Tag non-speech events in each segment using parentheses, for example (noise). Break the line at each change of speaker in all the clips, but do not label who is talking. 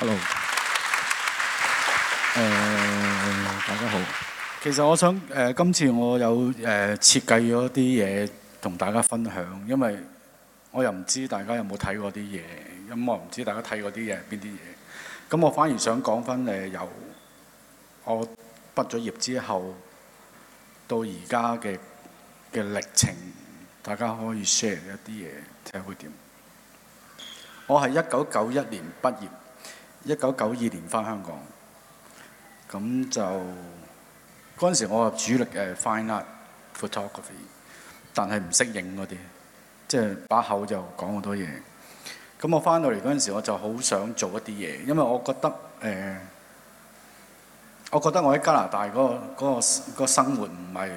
Hello，、uh, 大家好。其實我想、uh, 今次我有誒、uh, 設計咗啲嘢同大家分享，因為我又唔知大家有冇睇過啲嘢，咁我唔知大家睇嗰啲嘢睇過啲嘢係邊啲嘢。咁我反而想講翻由我畢咗業之後到而家嘅嘅歷程，大家可以 share 一啲嘢睇下會點。我係一九九一年畢業。一九九二年翻香港，咁就嗰陣時我主力誒、uh, fine art photography，但係唔識影嗰啲，即係把口就講、是、好多嘢。咁我翻到嚟嗰陣時，我就好想做一啲嘢，因為我覺得誒，uh, 我覺得我喺加拿大嗰、嗰個嗰、嗰個嗰個、生活唔係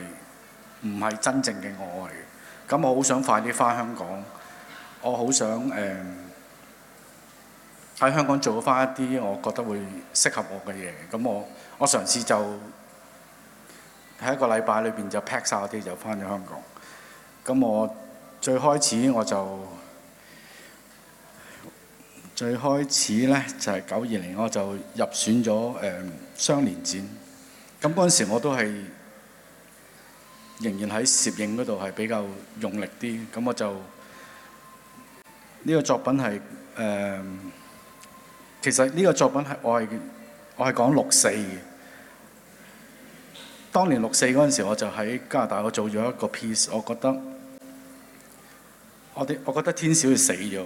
唔係真正嘅我嚟嘅。咁我好想快啲翻香港，我好想誒。Uh, 喺香港做翻一啲我覺得會適合我嘅嘢，咁我我嘗試就喺一個禮拜裏邊就 pack 曬啲就翻咗香港。咁我最開始我就最開始呢，就係九二年，我就入選咗誒雙年展。咁嗰陣時我都係仍然喺攝影嗰度係比較用力啲，咁我就呢、這個作品係誒。呃其實呢個作品係我係我係講六四嘅。當年六四嗰陣時，我就喺加拿大，我做咗一個 piece，我覺得我啲我覺得天少要死咗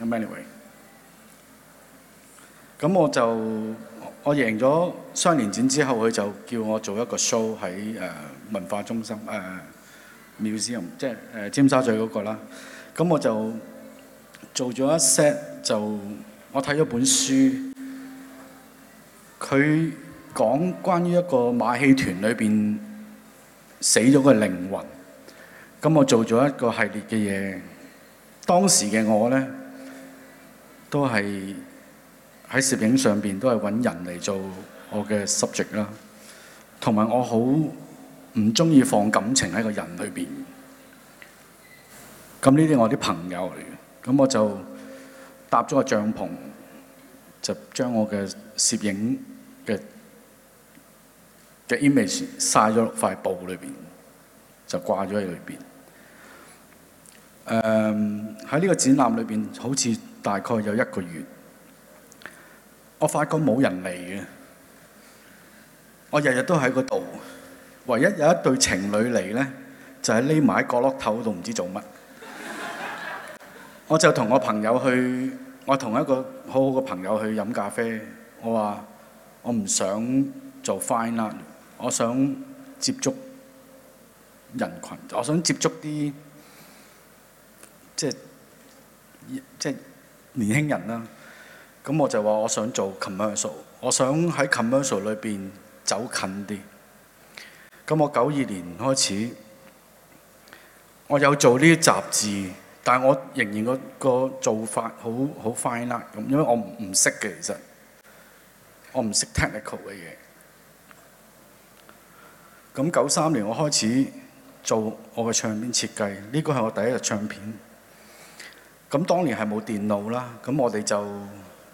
咁。Anyway，咁我就我贏咗雙年展之後，佢就叫我做一個 show 喺誒文化中心誒 museum，即係誒尖沙咀嗰個啦。咁我就做咗一 set 就。我睇咗本書，佢講關於一個馬戲團裏面死咗個靈魂，咁我做咗一個系列嘅嘢。當時嘅我呢，都係喺攝影上面，都係揾人嚟做我嘅 subject 啦，同埋我好唔中意放感情喺個人裏面。咁呢啲我啲朋友嚟嘅，咁我就。搭咗個帳篷，就將我嘅攝影嘅嘅 image 曬咗落塊布裏邊，就掛咗喺裏邊。誒喺呢個展覽裏邊，好似大概有一個月，我發覺冇人嚟嘅。我日日都喺嗰度，唯一有一對情侶嚟呢，就係匿埋喺角落頭度唔知做乜。我就同我朋友去，我同一個好好嘅朋友去飲咖啡。我話我唔想做 fine art，我想接觸人群，我想接觸啲即係即係年輕人啦。咁我就話我想做 commercial，我想喺 commercial 裏邊走近啲。咁我九二年開始，我有做呢啲雜誌。但我仍然個做法好好快啦，咁因為我唔唔識嘅，其實不我唔識 technical 嘅嘢。咁九三年我開始做我嘅唱片設計，呢個係我第一個唱片。咁當年係冇電腦啦，咁我哋就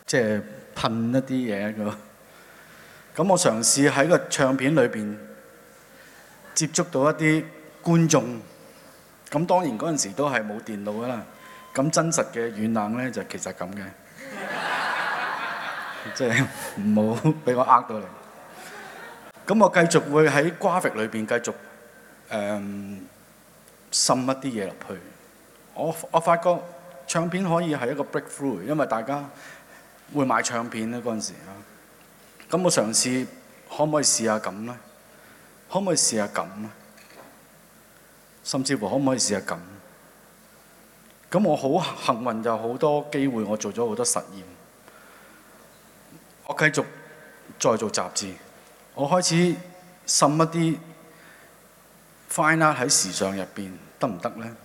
即係、就係、噴一啲嘢嘅。咁我嘗試喺個唱片裏面接觸到一啲觀眾。咁當然嗰陣時都係冇電腦噶啦，咁真實嘅軟冷呢，就其實咁嘅，即係唔好俾我呃到你。咁我繼續會喺 Graphic 裏邊繼續誒、嗯、滲一啲嘢入去。我我發覺唱片可以係一個 breakthrough，因為大家會買唱片呢，嗰陣時啊。咁我嘗試可唔可以試下咁呢？可唔可以試下咁咧？甚至乎可唔可以試下咁？咁我好幸運，有好多機會，我做咗好多實驗。我繼續再做雜誌，我開始滲一啲 fine art 喺時尚入邊得唔得呢？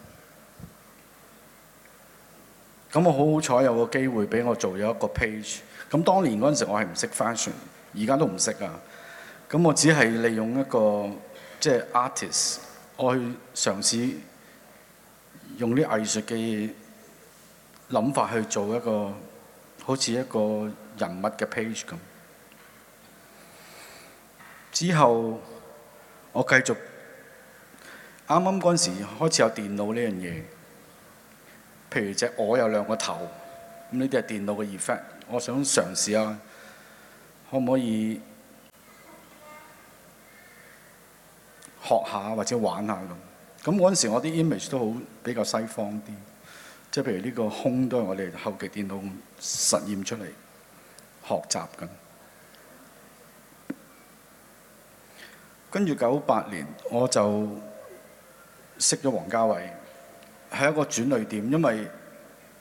咁我好好彩有個機會俾我做咗一個 page。咁當年嗰陣時我 action，我係唔識 fashion，而家都唔識啊。咁我只係利用一個即係 artist。就是 art ist。我去嘗試用啲藝術嘅諗法去做一個好似一個人物嘅 page，咁。之後我繼續啱啱嗰陣時開始有電腦呢樣嘢，譬如隻我有兩個頭，咁呢啲係電腦嘅 effect。我想嘗試下可唔可以？學下或者玩下咁，咁嗰陣時我啲 image 都好比較西方啲，即係譬如呢個空都係我哋後期電腦實驗出嚟學習緊。跟住九八年我就識咗王家衛，係一個轉捩點，因為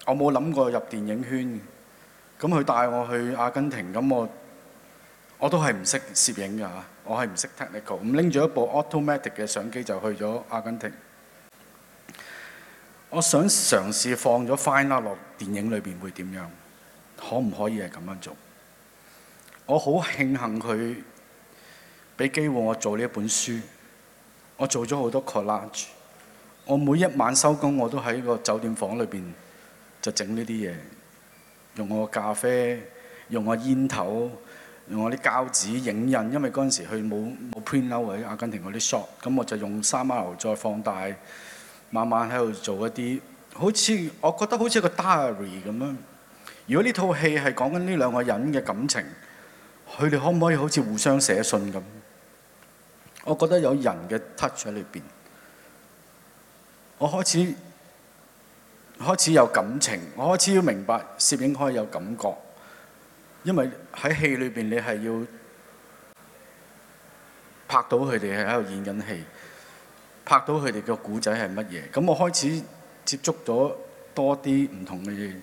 我冇諗過入電影圈。咁佢帶我去阿根廷，咁我。我都係唔識攝影㗎，我係唔識 technical，咁拎住一部 automatic 嘅相機就去咗阿根廷。我想嘗試放咗 fine art 落電影裏邊會點樣，可唔可以係咁樣做？我好慶幸佢俾機會我做呢一本書，我做咗好多 collage。我每一晚收工我都喺個酒店房裏邊就整呢啲嘢，用我咖啡，用我煙頭。用我啲膠紙影印，因為嗰陣時佢冇冇 print out 喺阿根廷嗰啲 shot，咁我就用三 R 再放大，慢慢喺度做一啲，好似我覺得好似一個 diary 咁啊！如果呢套戲係講緊呢兩個人嘅感情，佢哋可唔可以好似互相寫信咁？我覺得有人嘅 touch 喺裏面。我開始我開始有感情，我開始要明白攝影可以有感覺。因為喺戲裏面，你係要拍到佢哋係喺度演緊戲，拍到佢哋嘅故仔係乜嘢。咁我開始接觸咗多啲唔同嘅嘢，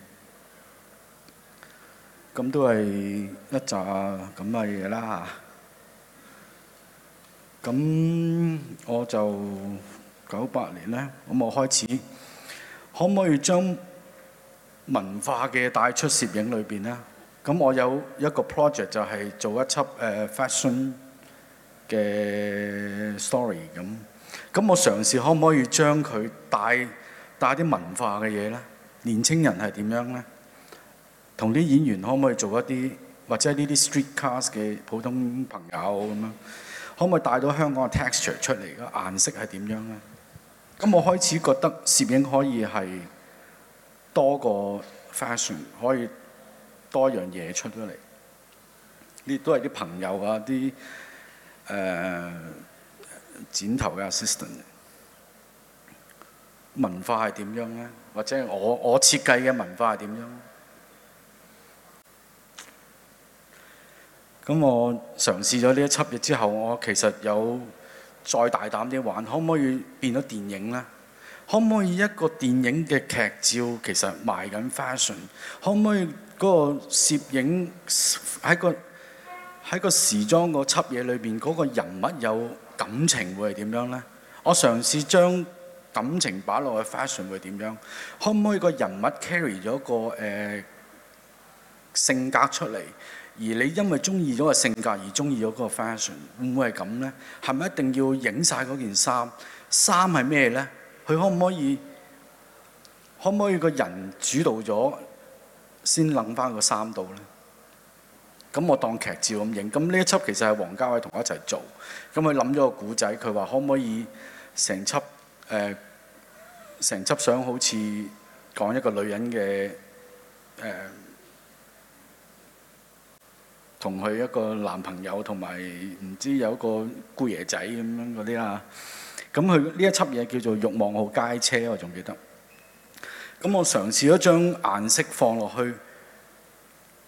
咁都係一紮咁嘅嘢啦。咁我就九八年呢，咁我開始可唔可以將文化嘅帶出攝影裏面呢？咁我有一個 project 就係做一輯誒 fashion 嘅 story 咁，咁我嘗試可唔可以將佢帶帶啲文化嘅嘢呢？年青人係點樣呢？同啲演員可唔可以做一啲或者呢啲 street cast 嘅普通朋友咁樣？可唔可以帶到香港嘅 texture 出嚟？個顏色係點樣呢？咁我開始覺得攝影可以係多過 fashion 可以。多樣嘢出咗嚟，呢都係啲朋友啊，啲誒、呃、剪頭嘅 assistant。文化係點樣咧？或者我我設計嘅文化係點樣？咁我嘗試咗呢一輯嘢之後，我其實有再大膽啲玩，可唔可以變咗電影咧？可唔可以一個電影嘅劇照其實賣緊 fashion？可唔可以嗰個攝影喺個喺個時裝嗰輯嘢裏邊嗰個人物有感情會係點樣呢？我嘗試將感情擺落去 fashion 會點樣？可唔可以個人物 carry 咗個誒、呃、性格出嚟？而你因為中意咗個性格而中意咗嗰個 fashion，會唔會係咁呢？係咪一定要影晒嗰件衫？衫係咩呢？佢可唔可以？可唔可以個人主導咗先諗翻個三度咧？咁我當劇照咁影。咁呢一輯其實係王家衛同我一齊做。咁佢諗咗個古仔，佢話可唔可以成輯誒，成、呃、輯相好似講一個女人嘅誒，同、呃、佢一個男朋友，同埋唔知有一個姑爺仔咁樣嗰啲啊？咁佢呢一輯嘢叫做《慾望號街車》，我仲記得。咁我嘗試咗將顏色放落去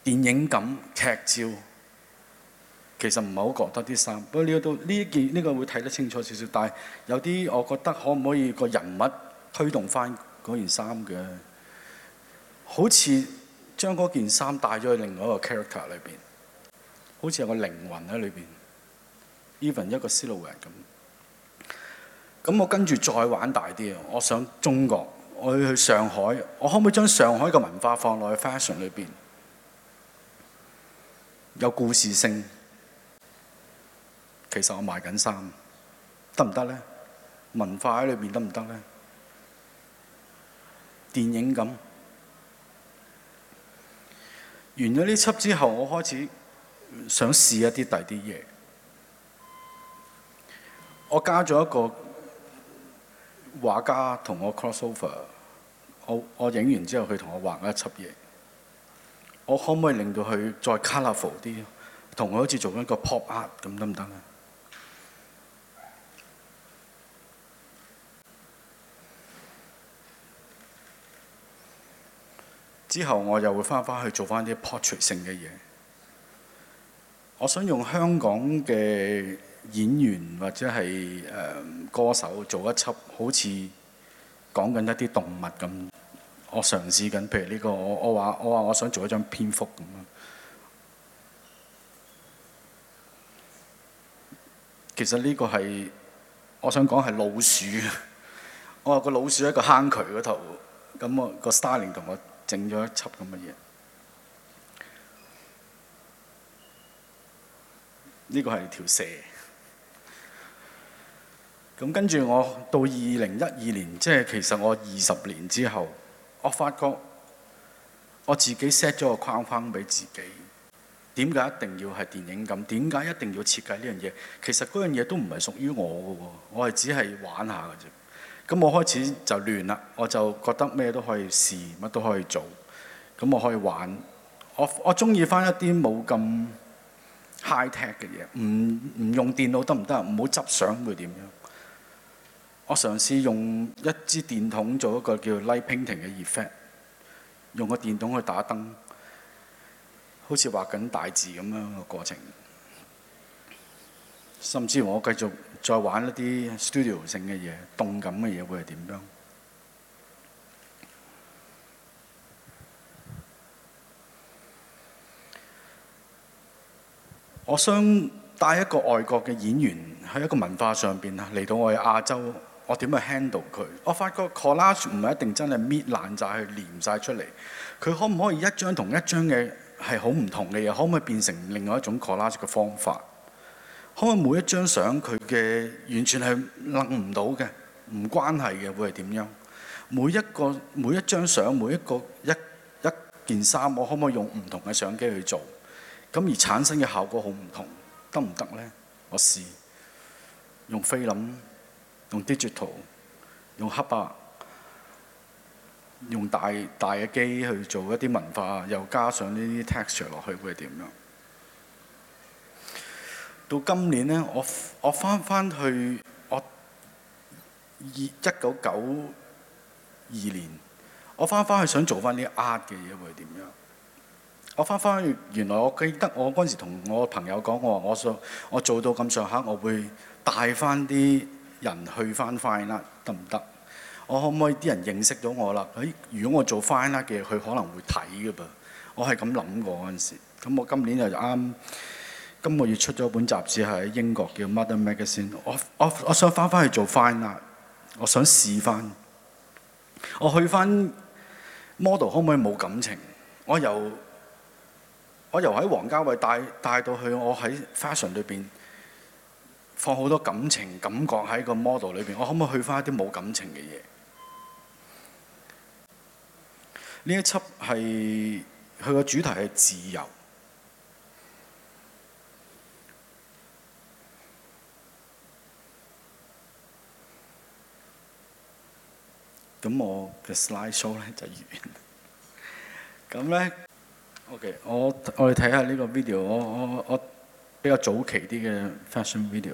電影感劇照，其實唔係好覺得啲衫。不過呢個都呢件呢個會睇得清楚少少，但係有啲我覺得可唔可以個人物推動返嗰件衫嘅？好似將嗰件衫帶咗去另外一個 character 裏邊，好似有個靈魂喺裏邊，even 一個 silhouette 咁。咁我跟住再玩大啲啊！我想中國，我要去上海，我可唔可以將上海嘅文化放落去 fashion 裏邊？有故事性，其實我賣緊衫，得唔得呢？文化喺裏面得唔得呢？電影咁完咗呢輯之後，我開始想試一啲第啲嘢，我加咗一個。畫家同我 crossover，我我影完之後，佢同我畫一輯嘢，我可唔可以令到佢再 colourful 啲？同我好似做一個 pop art 咁得唔得啊？之後我又會翻返去做翻啲 portrait 性嘅嘢，我想用香港嘅。演員或者係誒、呃、歌手做一輯，好似講緊一啲動物咁。我嘗試緊，譬如呢、這個我我話我話我想做一張蝙蝠咁樣。其實呢個係我想講係老鼠。我話個老鼠喺個坑渠嗰頭，咁、那個、我個 Styling 同我整咗一輯咁嘅嘢。呢個係條蛇。咁跟住，我到二零一二年，即係其實我二十年之後，我發覺我自己 set 咗個框框俾自己。點解一定要係電影咁？點解一定要設計呢樣嘢？其實嗰樣嘢都唔係屬於我嘅喎，我係只係玩下嘅啫。咁我開始就亂啦，我就覺得咩都可以試，乜都可以做。咁我可以玩，我我中意翻一啲冇咁 high tech 嘅嘢，唔唔用電腦得唔得？唔好執相會點樣？我嘗試用一支電筒做一個叫 light painting 嘅 effect，用個電筒去打燈，好似畫緊大字咁樣個過程。甚至我繼續再玩一啲 studio 性嘅嘢、動感嘅嘢，會係點樣？我想帶一個外國嘅演員喺一個文化上面，嚟到我嘅亞洲。我點去 handle 佢？我發覺 collage 唔係一定真係搣爛晒、去黏曬出嚟。佢可唔可以一張同一張嘅係好唔同嘅嘢？可唔可以變成另外一種 collage 嘅方法？可唔可以每一張相佢嘅完全係諗唔到嘅，唔關係嘅會係點樣？每一個每一張相每一個一一件衫，我可唔可以用唔同嘅相機去做？咁而產生嘅效果好唔同，得唔得呢？我試用菲林。用 digital，用黑白，用大大嘅機去做一啲文化，又加上呢啲 texture 落去，會點樣？到今年咧，我翻翻去我一九九二年，我翻翻去想做翻啲 art 嘅嘢，會點樣？我翻翻去，原來我記得我嗰陣時同我朋友講我話我做我做到咁上下，我會帶翻啲。人去翻 fine art 得唔得？我可唔可以啲人認識到我啦？誒，如果我做 fine art 嘅，佢可能會睇㗎噃。我係咁諗過嗰陣時。咁我今年就啱，今個月出咗本雜誌喺英國叫 Mother Magazine 我。我我我想翻返去做 fine art 我想試翻。我去翻 model 可唔可以冇感情？我由我由喺王家衛帶帶到去我喺 fashion 裏邊。放好多感情感覺喺個 model 裏邊，我可唔可以去翻一啲冇感情嘅嘢？呢一輯係佢個主題係自由。咁我嘅 slide show 咧就完。咁 (laughs) 咧，OK，我我哋睇下呢個 video，我我我比較、這個、早期啲嘅 fashion video。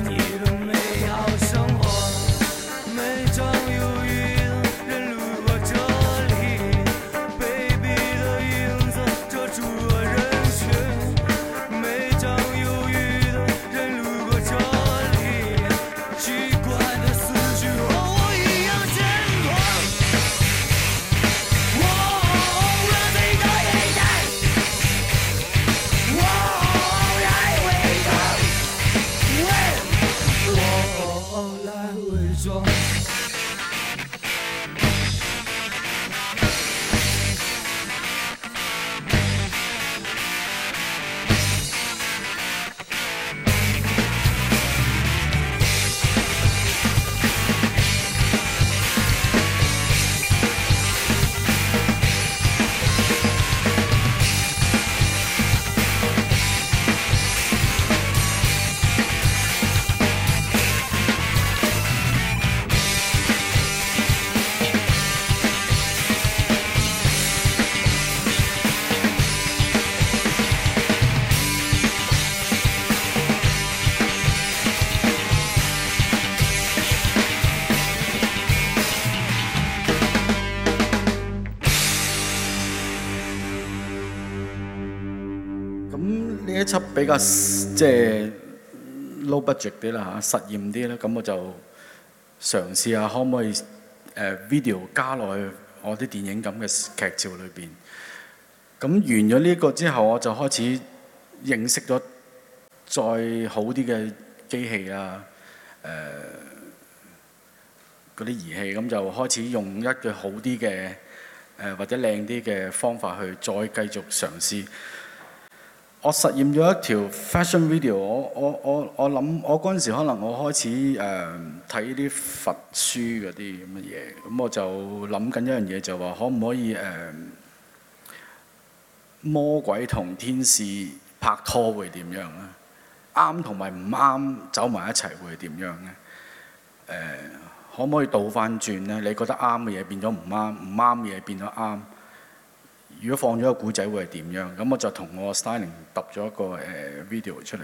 比較即係、就是、low budget 啲啦吓，實驗啲啦。咁我就嘗試下可唔可以、呃、video 加落去我啲電影咁嘅劇照裏邊。咁、嗯、完咗呢個之後，我就開始認識咗再好啲嘅機器啊，嗰、呃、啲儀器，咁就開始用一個好啲嘅、呃、或者靚啲嘅方法去再繼續嘗試。我實驗咗一條 fashion video，我我我我諗，我嗰陣時可能我開始誒睇啲佛書嗰啲乜嘢，咁、嗯、我就諗緊一樣嘢，就話可唔可以誒、呃、魔鬼同天使拍拖會點樣咧？啱同埋唔啱走埋一齊會點樣咧？誒可唔可以倒翻轉咧？你覺得啱嘅嘢變咗唔啱，唔啱嘅嘢變咗啱。如果放咗個故仔會係點樣？咁我就同我 styling 揼咗一個、呃、video 出嚟。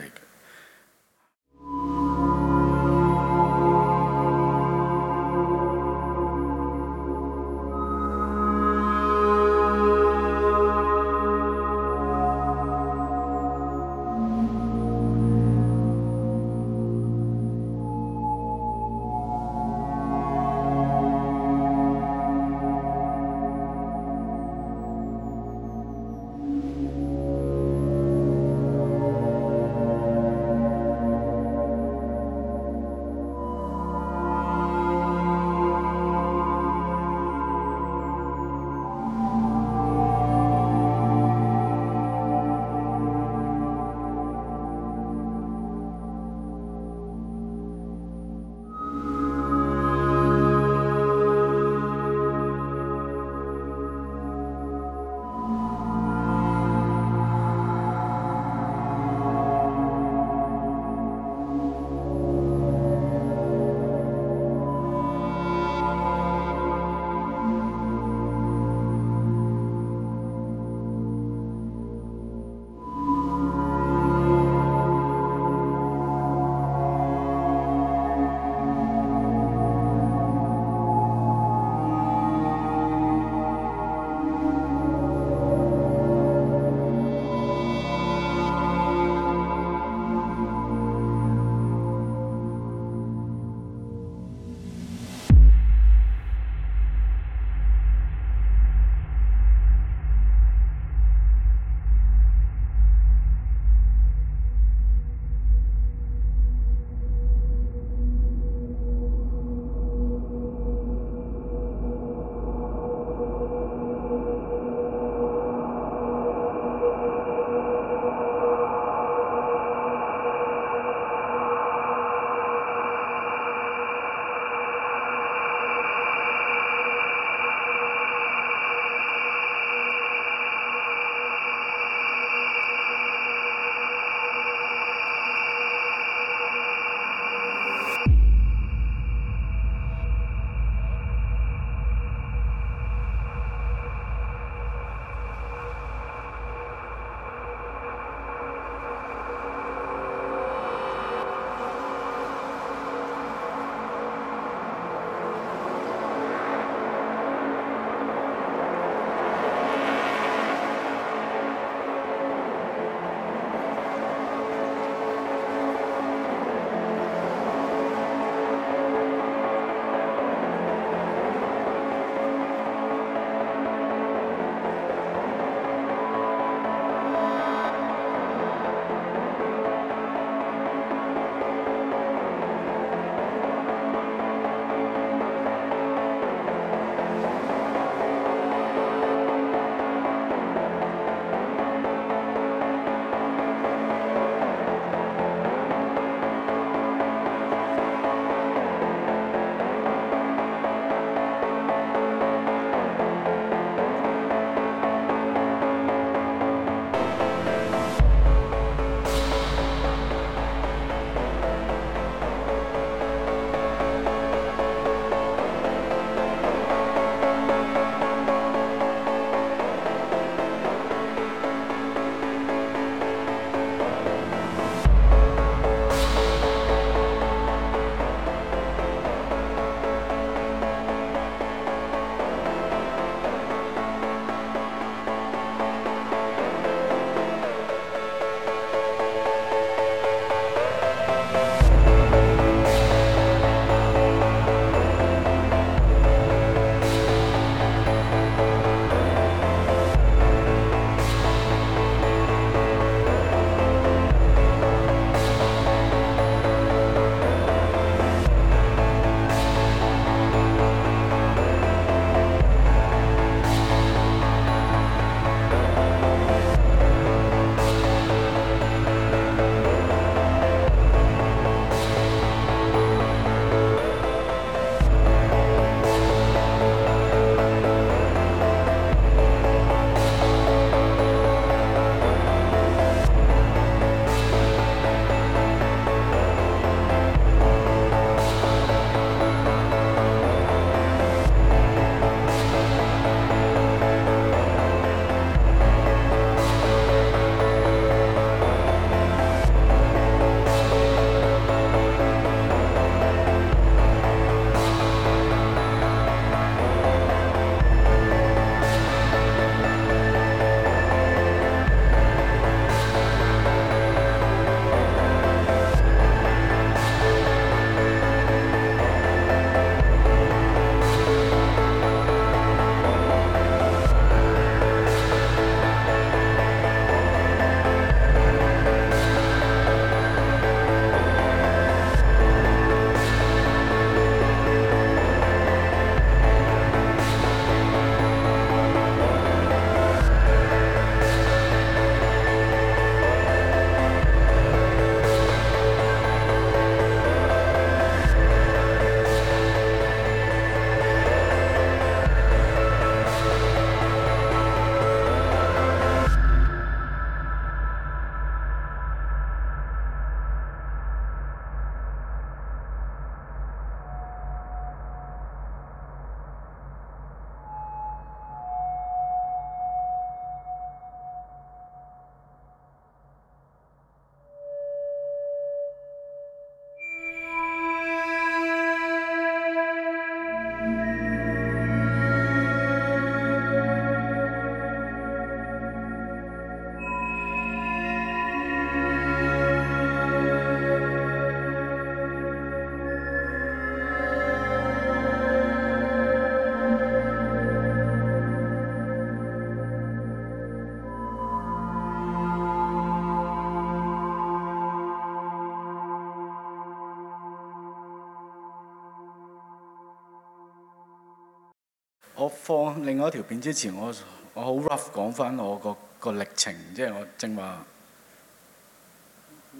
放另外一條片之前，我我好 rough 講翻我個個歷程，即係我正話，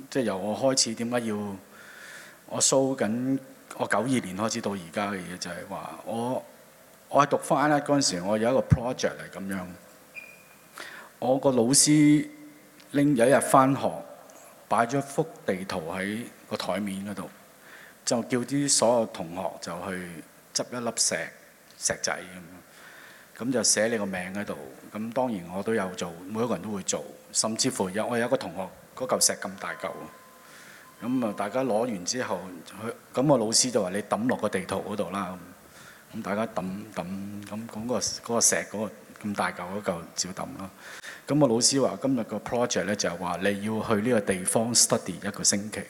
即係由我開始點解要我 show 緊我九二年開始到而家嘅嘢，就係話我我喺讀翻咧嗰陣時，我有一個 project 嚟咁樣，我個老師拎有一日翻學擺咗一幅地圖喺個台面嗰度，就叫啲所有同學就去執一粒石石仔咁樣。咁就寫你個名喺度，咁當然我都有做，每一個人都會做，甚至乎有我有個同學嗰嚿石咁大嚿。咁啊大家攞完之後，咁個老師就話你抌落個地圖嗰度啦，咁大家抌抌咁嗰個嗰個石嗰個咁大嚿嗰嚿照抌囉。咁個老師話今日個 project 咧就係話你要去呢個地方 study 一個星期，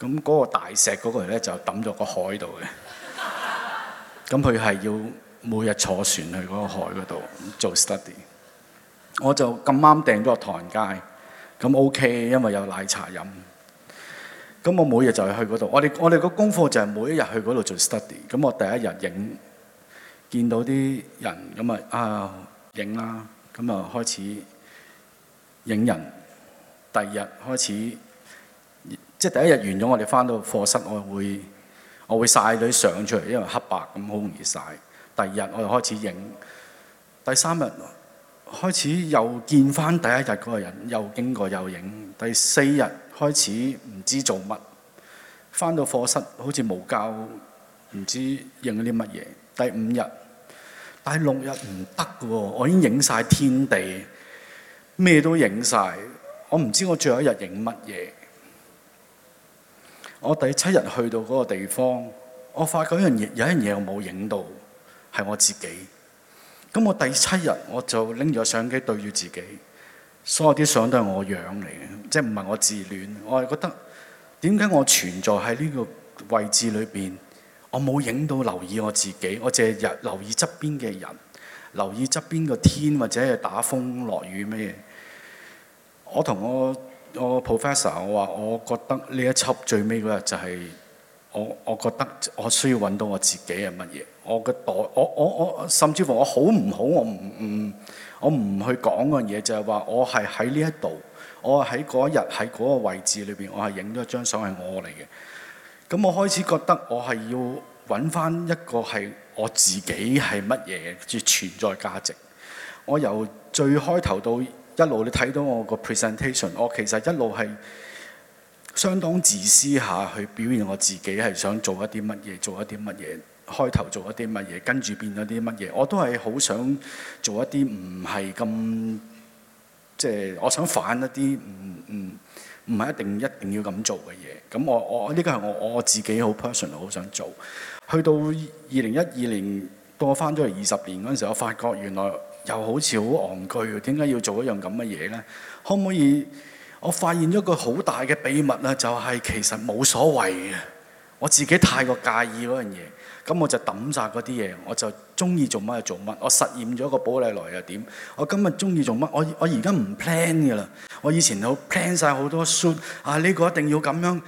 咁嗰個大石嗰個咧就抌咗個海度嘅，咁佢係要。每日坐船去嗰個海嗰度做 study，我就咁啱訂咗個唐人街咁 OK，因為有奶茶飲。咁我每日就係去嗰度，我哋我哋個功課就係每一日去嗰度做 study。咁我第一日影，見到啲人咁啊啊影啦，咁啊開始影人。第二日開始即係、就是、第一日完咗，我哋翻到課室，我會我會晒啲相出嚟，因為黑白咁好容易晒。第二日我就開始影，第三日開始又見翻第一日嗰個人，又經過又影。第四日開始唔知做乜，翻到課室好似冇教，唔知影啲乜嘢。第五日、第六日唔得喎，我已經影晒天地，咩都影晒。我唔知我最後一日影乜嘢。我第七日去到嗰個地方，我發覺有樣嘢，有樣嘢我冇影到。係我自己。咁我第七日我就拎咗相機對住自己，所有啲相都係我樣嚟嘅，即係唔係我自戀，我係覺得點解我存在喺呢個位置裏邊，我冇影到留意我自己，我淨係日留意側邊嘅人，留意側邊個天或者係打風落雨咩嘢？我同我我 professor 我話，我覺得呢一輯最尾嗰日就係、是。我我覺得我需要揾到我自己係乜嘢？我個袋，我我我甚至乎我好唔好？我唔唔我唔去講嗰樣嘢，就係話我係喺呢一度，我係喺嗰一日喺嗰個位置裏邊，我係影咗一張相係我嚟嘅。咁我開始覺得我係要揾翻一個係我自己係乜嘢？即存在價值。我由最開頭到一路你睇到我個 presentation，我其實一路係。相當自私下去表現我自己係想做一啲乜嘢，做一啲乜嘢，開頭做一啲乜嘢，跟住變咗啲乜嘢。我都係好想做一啲唔係咁，即係我想反一啲唔唔唔係一定一定要咁做嘅嘢。咁我我呢個係我我自己好 personal 好想做。去到二零一二年，到我翻咗嚟二十年嗰陣時，我發覺原來又好似好戇居。點解要做一樣咁嘅嘢呢？可唔可以？我發現咗個好大嘅秘密啊，就係其實冇所謂嘅。我自己太過介意嗰樣嘢，咁我就抌晒嗰啲嘢。我就中意做乜就做乜。我實驗咗個保麗來又點？我今日中意做乜？我我而家唔 plan 嘅啦。我以前有 plan 晒好多 shoot 啊，呢個一定要咁樣。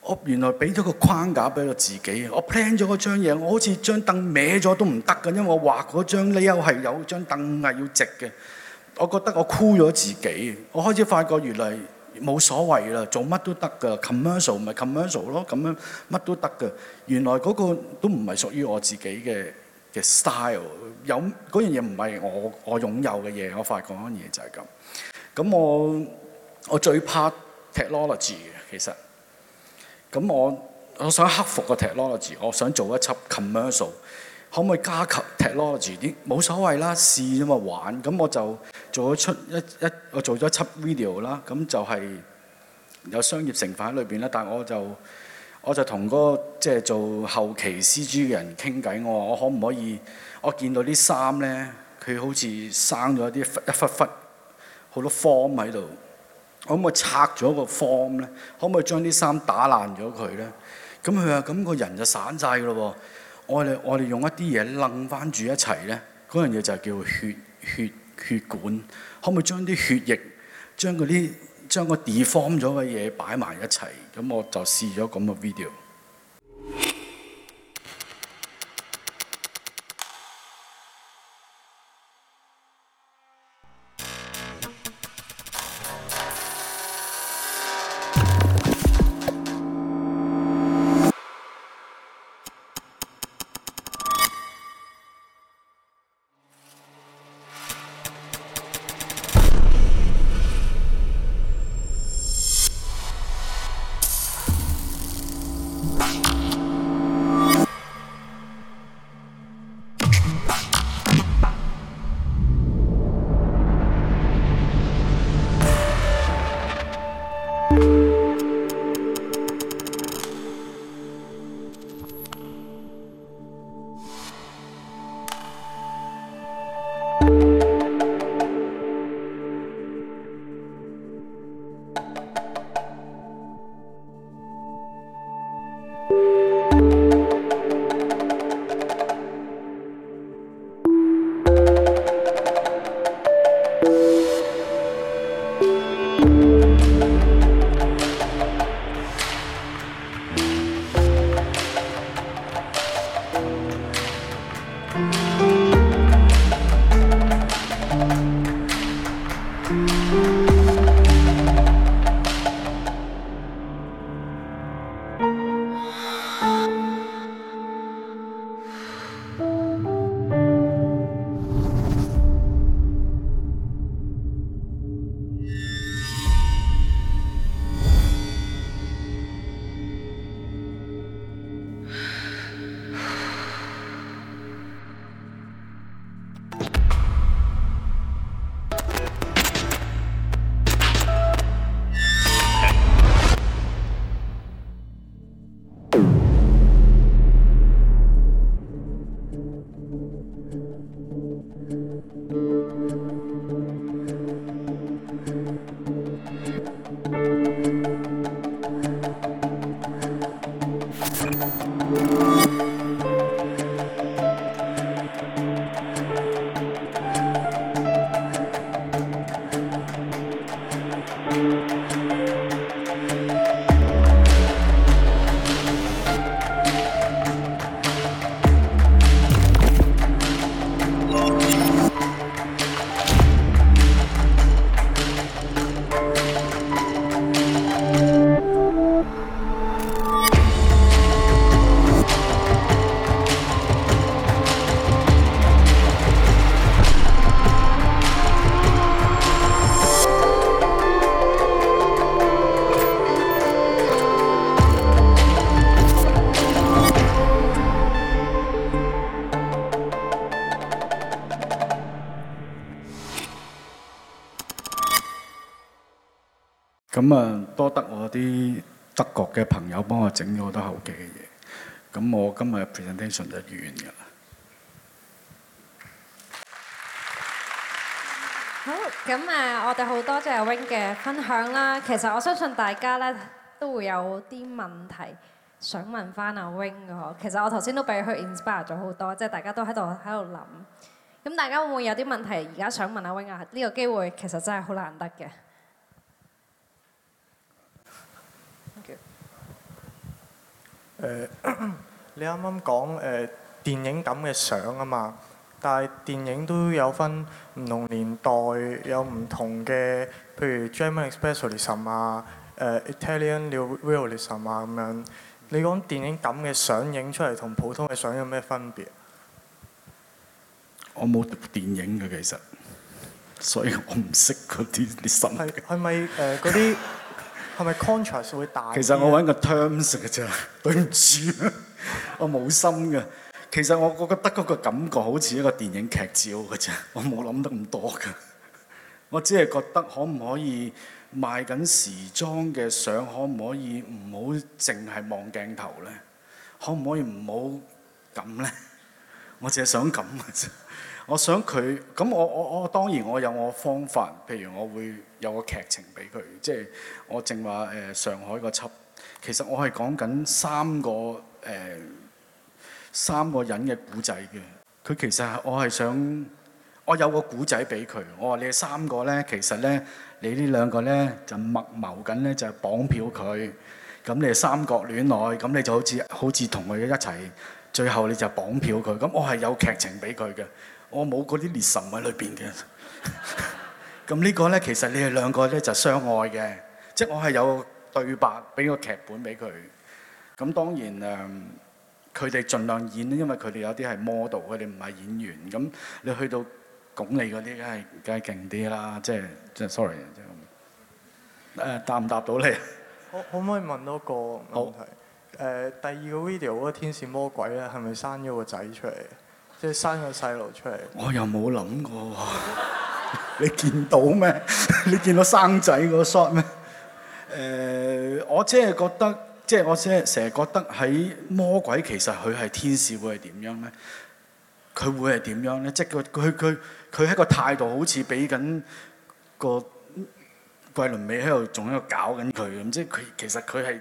我原來俾咗個框架俾我自己。我 plan 咗嗰張嘢，我好似張凳歪咗都唔得嘅，因為我畫嗰張呢又係有張凳係要直嘅。我覺得我箍咗自己，我開始發覺原來冇所謂啦，做乜都得噶，commercial 咪 commercial 咯，咁樣乜都得噶。原來嗰個都唔係屬於我自己嘅嘅 style，有嗰樣嘢唔係我我擁有嘅嘢，我發覺嗰樣嘢就係咁。咁我我最怕 technology 其實，咁我我想克服個 technology，我想做一輯 commercial。可唔可以加強 technology 啲？冇所謂啦，試啫嘛，玩。咁我就做咗出一一我做咗一輯 video 啦。咁就係有商業成分喺裏邊啦。但係我就我就同嗰即係做後期 CG 嘅人傾偈。我話我可唔可以？我見到啲衫咧，佢好似生咗一啲一忽忽好多 form 喺度。可唔可以拆咗個 form 咧？可唔可以將啲衫打爛咗佢咧？咁佢話：咁個人就散晒㗎咯喎！我哋我哋用一啲嘢楞返住一齊咧，嗰樣嘢就叫血血血管，可唔可以將啲血液、將嗰啲、將個 deform 咗嘅嘢擺埋一齊？咁我就試咗咁個 video。咁我今日嘅 presentation 就完㗎啦。
好，咁誒，我哋好多謝阿 Wing 嘅分享啦。其實我相信大家咧都會有啲問題想問翻阿 Wing 嘅。其實我頭先都俾佢 inspire 咗好多，即係大家都喺度喺度諗。咁大家會唔會有啲問題而家想問阿 Wing 啊？呢個機會其實真係好難得嘅。
誒，你啱啱講誒電影咁嘅相啊嘛，但係電影都有分唔同年代，有唔同嘅，譬如 German Expressionism 啊、呃，誒 Italian Realism 啊咁樣。你講電影咁嘅相影出嚟，同普通嘅相有咩分別？我冇讀電影嘅其實，所以我唔識啲啲什麼。係係咪誒嗰啲？ (laughs) (laughs) 係咪 contrast 會大啲？其實我揾個 terms 嘅啫，對唔住， (laughs) 我冇心嘅。其實我我覺得嗰個感覺好似一個電影劇照嘅啫，我冇諗得咁多嘅。我只係覺得可唔可以賣緊時裝嘅相，可唔可以唔好淨係望鏡頭咧？可唔可以唔好咁咧？我淨係想咁嘅啫。我想佢咁，我我我當然我有我方法，譬如我會有個劇情俾佢，即係我正話誒上海個輯，其實我係講緊三個誒、呃、三個人嘅古仔嘅。佢其實我係想我有個古仔俾佢，我話你哋三個咧，其實咧你呢兩個咧就密謀緊咧就綁票佢，咁你哋三角戀愛，咁你就好似好似同佢一齊，最後你就綁票佢，咁我係有劇情俾佢嘅。我冇嗰啲列神喺裏邊嘅，咁呢個咧其實你哋兩個咧就是、相愛嘅，即係我係有對白，俾個劇本俾佢。咁當然誒，佢哋盡量演，因為佢哋有啲係 model，佢哋唔係演員。咁你去到鞏俐嗰啲，梗係梗係勁啲啦，即係即係 sorry，即係誒、呃、答唔答到你？可可唔可以問多個問題？好、oh. 呃，誒第二個 video 嗰個天使魔鬼咧，係咪生咗個仔出嚟？即係生個細路出嚟，我又冇諗過喎。你見到咩？你見到生仔個 shot 咩？誒，我即係覺得，即係我即係成日覺得喺魔鬼其實佢係天使，會係點樣咧？佢會係點樣咧？即係佢佢佢佢喺個態度好似俾緊個桂綸鎂喺度，仲喺度搞緊佢，咁即係佢其實佢係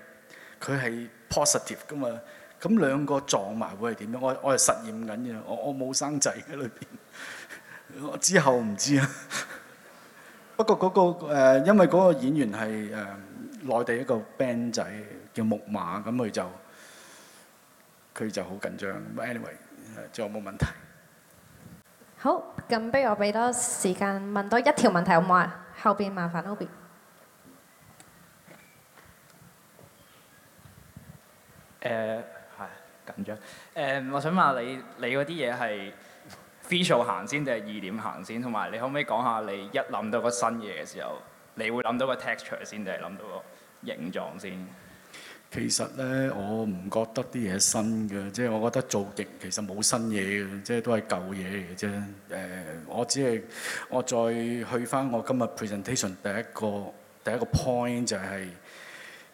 佢係 positive 㗎嘛？咁兩個撞埋會係點樣？我我係實驗緊嘅，我我冇生仔喺裏邊，我之後唔知啊。不過嗰個誒，因為嗰個演員係誒內地一個 band 仔叫木馬，咁佢就佢就好緊張。Anyway，仲有冇問題？
好，咁不如我俾多時間問多一條問題好唔好啊？後邊麻煩 Obi。誒。
緊張誒，um, 我想問下你，你嗰啲嘢係 visual 行先定係意念行先，同埋你可唔可以講下你一諗到個新嘢嘅時候，你會諗到個 texture 先定係諗到個形狀先？其實咧，我唔覺得啲嘢新嘅，即係我覺得做極其實冇新嘢嘅，即係都係舊嘢嚟嘅啫。誒, uh, 我只係我再去翻我今日 presentation 第一個第一個 point 就係。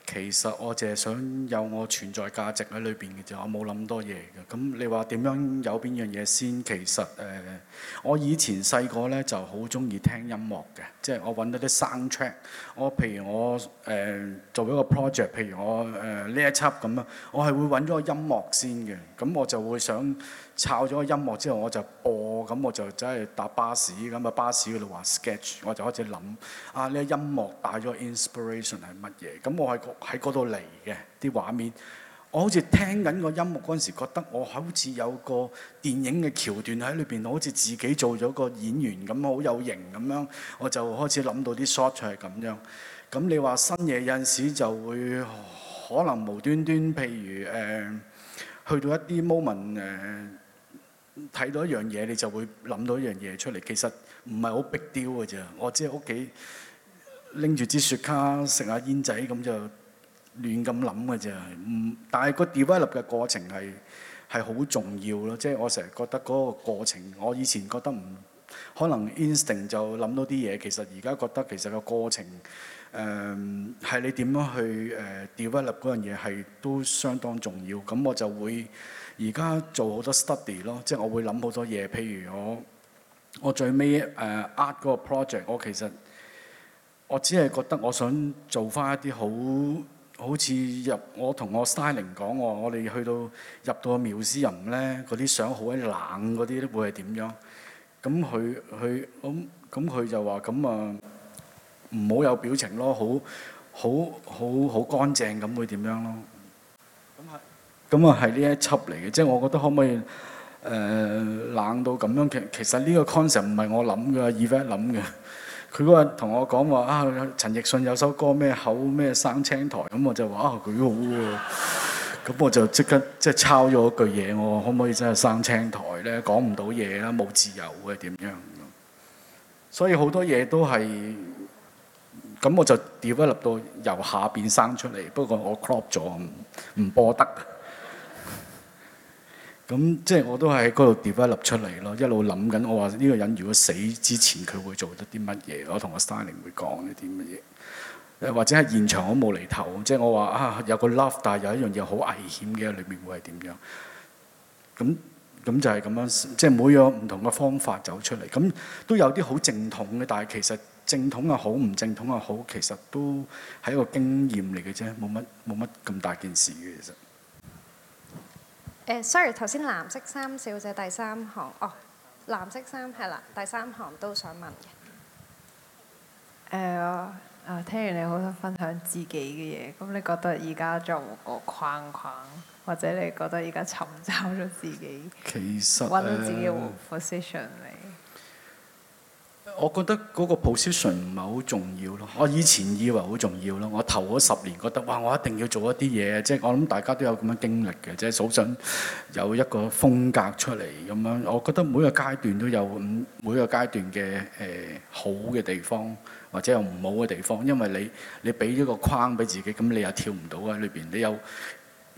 其實我淨係想有我存在價值喺裏邊嘅啫，我冇諗多嘢嘅。咁你話點樣有邊樣嘢先？其實誒、呃，我以前細個呢就好中意聽音樂嘅，即係我揾到啲 soundtrack。我譬如我誒、呃、做一個 project，譬如我誒呢、呃、一輯咁樣，我係會揾咗個音樂先嘅。咁我就會想。抄咗個音樂之後，我就播，咁我就真係搭巴士，咁個巴士嗰度話 sketch，我就開始諗啊，呢個音樂帶咗 inspiration 係乜嘢？咁我係喺嗰度嚟嘅啲畫面，我好似聽緊個音樂嗰陣時，覺得我好似有個電影嘅橋段喺裏邊，我好似自己做咗個演員咁，好有型咁樣，我就開始諗到啲 shot 係咁樣。咁你話深夜有陣時就會可能無端端，譬如誒、呃，去到一啲 moment 誒。呃睇到一樣嘢，你就會諗到一樣嘢出嚟。其實唔係好逼雕嘅啫，我只係屋企拎住支雪茄食下煙仔咁就亂咁諗嘅啫。嗯，但係個 develop 嘅過程係係好重要咯。即係我成日覺得嗰個過程，我以前覺得唔可能 instinct 就諗到啲嘢。其實而家覺得其實個過程誒係你點樣去誒 develop 嗰樣嘢係都相當重要。咁我就會。而家做好多 study 咯，即係我會諗好多嘢。譬如我，我最尾誒呃嗰個 project，我其實我只係覺得我想做翻一啲好好似入我同我 styling 講，我，我哋去到入到個廟絲林咧，嗰啲相好鬼冷，嗰啲都會係點樣？咁佢佢咁咁佢就話咁啊，唔好有表情咯，好好好好乾淨咁會點樣咯？咁啊，係呢一輯嚟嘅，即、就、係、是、我覺得可唔可以誒、呃、冷到咁樣？其其實呢個 concept 唔係我諗嘅，Eva 諗嘅。佢嗰日同我講話啊，陳奕迅有首歌咩口咩生青苔，咁我就話啊，佢好喎。咁我就刻即刻即係抄咗句嘢，我可唔可以真係生青苔咧？講唔到嘢啦，冇自由嘅點樣？所以好多嘢都係咁，我就 develop 到由下邊生出嚟。不過我 crop 咗，唔播得。咁即係我都係喺嗰度疊一粒出嚟咯，一路諗緊。我話呢個人如果死之前佢會做得啲乜嘢？我同阿 staff 會講呢啲乜嘢？誒或者係現場我冇厘頭，即係我話啊有個 love，但係有一樣嘢好危險嘅，裡面會係點樣？咁咁就係咁樣，即係每樣唔同嘅方法走出嚟。咁都有啲好正統嘅，但係其實正統又好，唔正統又好，其實都係一個經驗嚟嘅啫，冇乜冇乜咁大件事嘅其實。
誒，sorry，頭先藍色衫小姐第三行哦，藍色衫係啦，第三行都想問嘅。誒啊、呃，啊，聽完你好想分享自己嘅嘢，咁你覺得而家做個框框，或者你覺得而家尋找咗自己，
其實搵到自己個
position 嚟？
我覺得嗰個 position 唔係好重要咯。我以前以為好重要咯。我頭嗰十年覺得，哇！我一定要做一啲嘢，即係我諗大家都有咁樣經歷嘅，即係想有一個風格出嚟咁樣。我覺得每個階段都有每個階段嘅誒，好嘅地方，或者有唔好嘅地方，因為你你俾咗個框俾自己，咁你又跳唔到喺裏邊。你有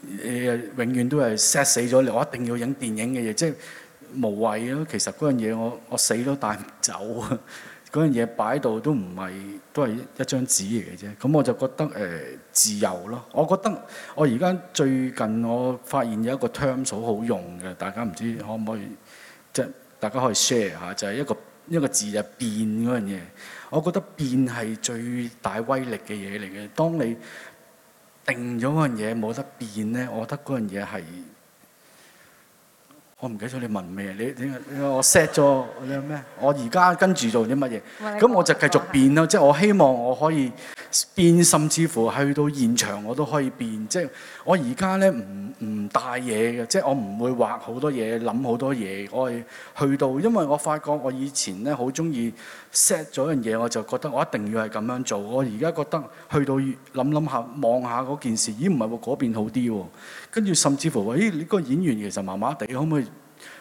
你永遠都係 set 死咗，你我一定要影電影嘅嘢，即係。無謂咯，其實嗰樣嘢我我死都帶唔走，嗰樣嘢擺喺度都唔係都係一張紙嚟嘅啫。咁我就覺得誒、呃、自由咯。我覺得我而家最近我發現有一個 term 好好用嘅，大家唔知可唔可以即大家可以 share 下。就係、是、一個一個字就變嗰樣嘢。我覺得變係最大威力嘅嘢嚟嘅。當你定咗嗰樣嘢冇得變呢，我覺得嗰樣嘢係。我唔記得咗你問咩，你你我 set 咗你咩？我而家跟住做啲乜嘢？咁喂我就繼續變咯，即係、嗯、我希望我可以變，甚至乎去到現場我都可以變。即係我而家咧唔唔帶嘢嘅，即係我唔會畫好多嘢，諗好多嘢，我係去到，因為我發覺我以前咧好中意。set 咗一樣嘢，我就覺得我一定要係咁樣做。我而家覺得去到諗諗下，望下嗰件事，咦唔係喎，嗰邊好啲喎。跟住甚至乎話，咦、哎、你個演員其實麻麻地，可唔可以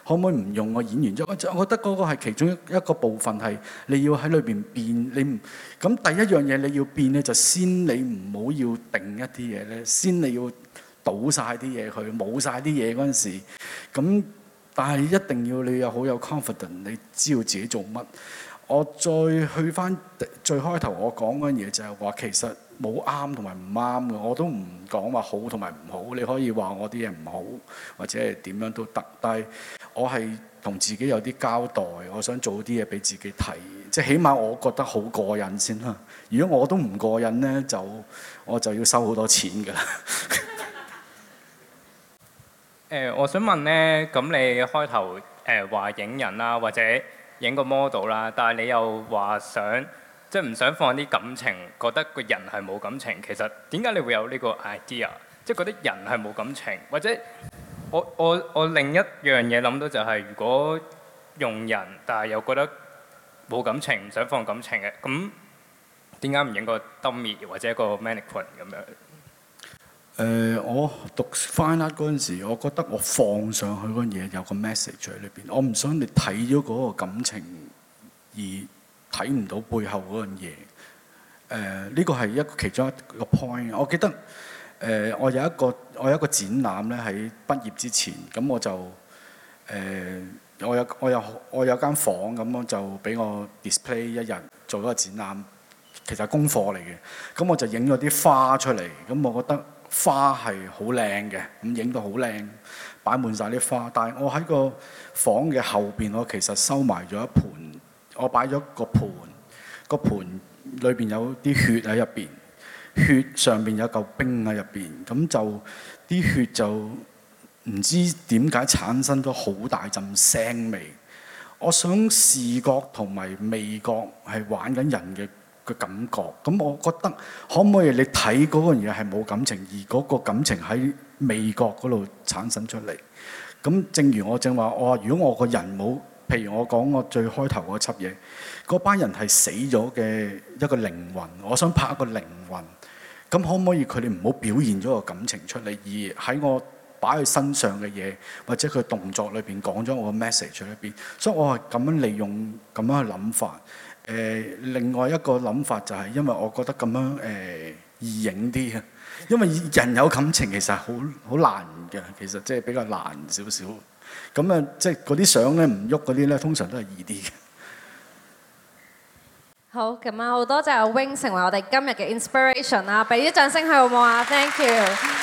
可唔可以唔用個演員？即我覺得嗰個係其中一一個部分係你要喺裏邊變你。唔咁第一樣嘢你要變咧，就是、先你唔好要，要定一啲嘢咧，先你要倒晒啲嘢去，冇晒啲嘢嗰陣時。咁但係一定要你又好有，有 confidence，你知道自己做乜。我再去翻最開頭我講嘅嘢，就係話其實冇啱同埋唔啱嘅，我都唔講話好同埋唔好。你可以話我啲嘢唔好，或者係點樣都得。但係我係同自己有啲交代，我想做啲嘢俾自己睇，即係起碼我覺得好過癮先啦。如果我都唔過癮呢，就我就要收好多錢嘅啦。誒，我想問呢，咁你開頭誒話影人呀，或者？影個 model 啦，但係你又話想即係唔想放啲感情，覺得個人係冇感情。其實點解你會有呢個 idea？即係覺得人係冇感情，或者我我我另一樣嘢諗到就係、是、如果用人，但係又覺得冇感情，唔想放感情嘅，咁點解唔影個 dummy 或者個 mannequin 咁樣？誒、呃，我讀 final 嗰陣時，我覺得我放上去嗰嘢有個 message 喺裏邊，我唔想你睇咗嗰個感情而睇唔到背後嗰樣嘢。誒、呃，呢、這個係一個其中一個 point。我記得誒、呃，我有一個我有一個展覽咧，喺畢業之前，咁我就誒、呃，我有我有我有間房，咁樣就俾我 display 一日做嗰個展覽。其實係功課嚟嘅，咁我就影咗啲花出嚟，咁我覺得。花係好靚嘅，咁影到好靚，擺滿晒啲花。但係我喺個房嘅後邊，我其實收埋咗一盆，我擺咗個盆，個盆裏邊有啲血喺入邊，血上邊有嚿冰喺入邊，咁就啲血就唔知點解產生咗好大陣腥味。我想視覺同埋味覺係玩緊人嘅。個感覺，咁我覺得可唔可以你睇嗰樣嘢係冇感情，而嗰個感情喺美國嗰度產生出嚟？咁正如我正話，我話如果我個人冇，譬如我講我最開頭嗰輯嘢，嗰班人係死咗嘅一個靈魂，我想拍一個靈魂。咁可唔可以佢哋唔好表現咗個感情出嚟，而喺我擺佢身上嘅嘢，或者佢動作裏邊講咗我嘅 message 喺裏邊？所以我係咁樣利用咁樣去諗法。誒、呃，另外一個諗法就係，因為我覺得咁樣誒、呃、易影啲啊，因為人有感情其，其實好好難嘅，其實即係比較難少少。咁啊，即係嗰啲相咧唔喐嗰啲咧，通常都係易啲嘅。
好，咁啊，好多謝阿 Wing 成為我哋今日嘅 inspiration 啊，俾啲掌聲佢好冇啊？Thank
you。